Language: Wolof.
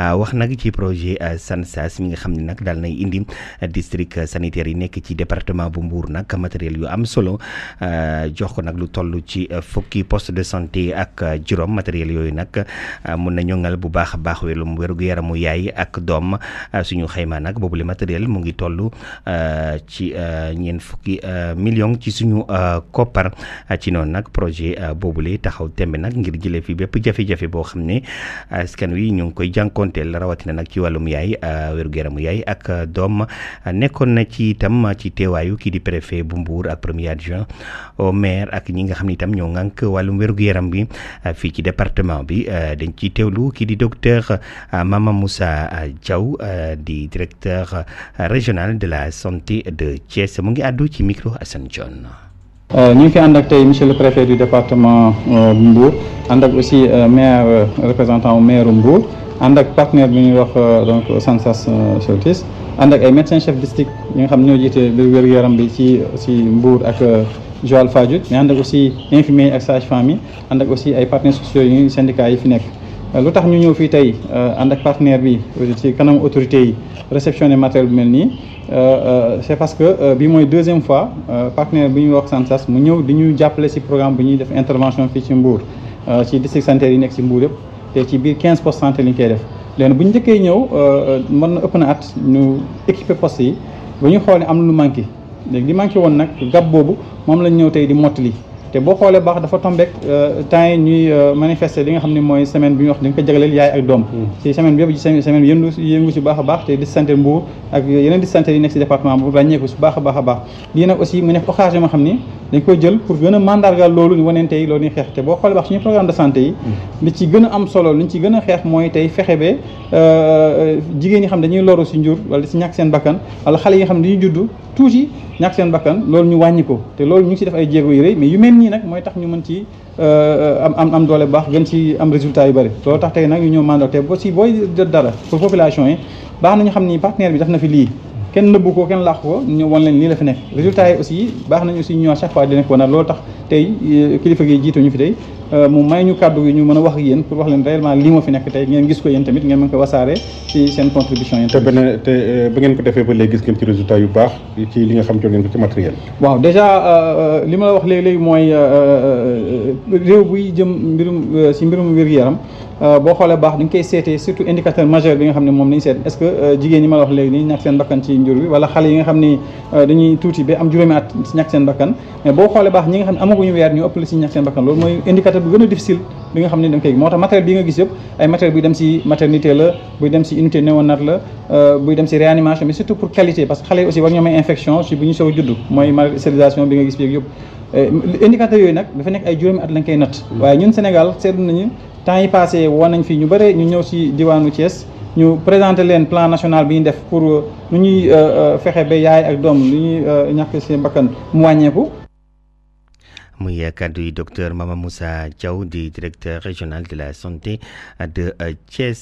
Euh, wax nag ci projet euh, SANSAS mi nga xam ni nag daal nay indi euh, district sanitaire yi nekk ci département bu Mbour nag matériel yu am solo jox ko nag lu toll ci fukki post de santé ak juróom matériel yooyu nag mun na ñoŋal bu baax a baax mu wérgu yaramu yaay ak doom suñu xayma nag boobu le matériel mu ngi toll ci ñeent fukki million ci suñu koppar ci noonu nag projet boobule taxaw tembe nag ngir jëlee fii bépp jafe-jafe boo xam ne askan wi ñu jànkonteel rawatina nag ci wàllum yaay euh, wér-gu-yaramu yaay ak euh, doom nekkoon na ci tam ci teewaayu kii di préfet bu Mbour ak premier adjoint au maire ak ñi nga xam ne tam ñoo ngank wàllum wér yaram bi euh, fii ci département bi dañ ci ciy teewlu kii di docteur Mama Moussa Diaw di directeur régional de la santé de Thiès mu ngi àddu ci micro Assane John. ñu fi ànd tey monsieur le préfet du département Mbour ànd aussi maire représentant maire Mbour. ànd ak partenaire bi ñuy wax euh, donc Sansas euh, Soltis ànd ak ay médecins chefs district ñi nga xam ñoo jiite biir wér-gu-yaram bi ci ci Mbour ak euh, Joal Fadiouth mais ànd ak aussi infirmiers yi ak sages-femmes yi ak aussi ay partenaires sociaux yu syndicats yi fi nekk. lu tax ñu ñëw fii tey ànd ak partenaire bi ci kanamu autorités yi réceptionné matériel bu mel nii c'est parce que bi mooy deuxième fois partenaire bi ñuy wax Sansas mu ñëw di ñu jàppale ci programme bu ñuy def intervention fii ci Mbour ci district sanitaire yi nekk ci Mbour yëpp. te ci biir 15 pour cent koy def leen bu njëkkee ñëw euh, euh, mën na ëpp na at ñu équiper poste yi ba ñu xool ne am na lu manqué léegi li manqué woon nag gab boobu moom lañ ñëw tey di mottali te boo xoolee baax dafa tombé euh, temps yi ñuy euh, manifester li nga xam ni mooy semaine bi ñu wax dañ ko jagleel yaay ak doom ci hmm. semaine bi yëpp ci semaine bi yëngu yëngu si baax a baax te dissanté Mbour ak yeneen dissanté yi nekk si département bu ràññeeku si baax a baax a baax lii nag aussi mu nekk occasion yoo xam ni dañ koy jël pour gën a mandargaal loolu ñu waneen tey loolu ñuy xeex te boo xoolee baax suñu programme de santé yi hmm. li ci gën a am solo ñu ci gën a xeex mooy tey fexe ba euh, jigéen yi xam dañuy loru si njur wala si ñàkk seen bakkan wala xale yi nga xam ne dañuy juddu tuuti yi ñàkk seen bakkan loolu ñu wàññi ko te loolu ñu ngi ci def ay jéego yu rëy mais yu mel nii nag mooy tax ñu mën ci euh, am am am doole baax gën ci am résultat yu bëri loolu tax tey nag ñu ñëw mandaté boo si booy dara pour population yi baax nañu xam ni partenaire bi def na fi lii kenn nëbbu ko kenn làq ko ñu wan leen lii la fi nekk résultat yi aussi baax nañu aussi ñu à chaque fois dinañ ko wane loolu tax tey euh, kilifa gi jiito ñu fi tey Euh, mu may ñu kàddu gi ñu mën a wax ak yéen pour wax leen réellement lii moo fi nekk tey ngeen gis ko yéen tamit ngeen mën ko wasaare ci seen contribution yéen te beneen te euh, ba ngeen ko defee ba léegi gis ngeen ci résultat yu baax ci li nga xam jot ngeen ko ci matériel waaw déjà euh, li ma la wax léegi-léegi mooy réew bi jëm mbirum si mbirum wér-gu-yaram Euh, boo xoolee baax dañ koy seetee surtout indicateur majeur bi nga xam ne moom lañu seet est-ce que euh, jigéen ñi ma la wax léegi nii ñàkk seen bakkan ci njur bi wala xale yi nga xam ne euh, dañuy tuuti ba am juróomi at ci ñàkk seen bakkan mais boo xoolee baax ñi nga xam ne amaguñu weer ñu ëpp la ci ñàkk seen bakkan loolu mooy indicateur bu gën a difficile bi nga xam ne dañ koy moo tax matériel bi nga gis yëpp ay matériel buy dem ci maternité la buy dem ci unité néonat la buy dem ci réanimation mais surtout pour qualité parce que xale yi aussi war ñoo may a judd mooy stérilisation bi nga gis bi yëpp indicateur yooyu nag temps yi passé woon nañ fi ñu bëre ñu ñëw si diwaanu Thiès ñu présenté leen plan national bi ñu def pour euh, nu ñuy euh, euh, fexe ba yaay ak doom lu ñuy ñàkk seen bakkan mu wàññeeku. muy kàddu yi docteur Mama Moussa Diaw di directeur régional de la santé de Thiès.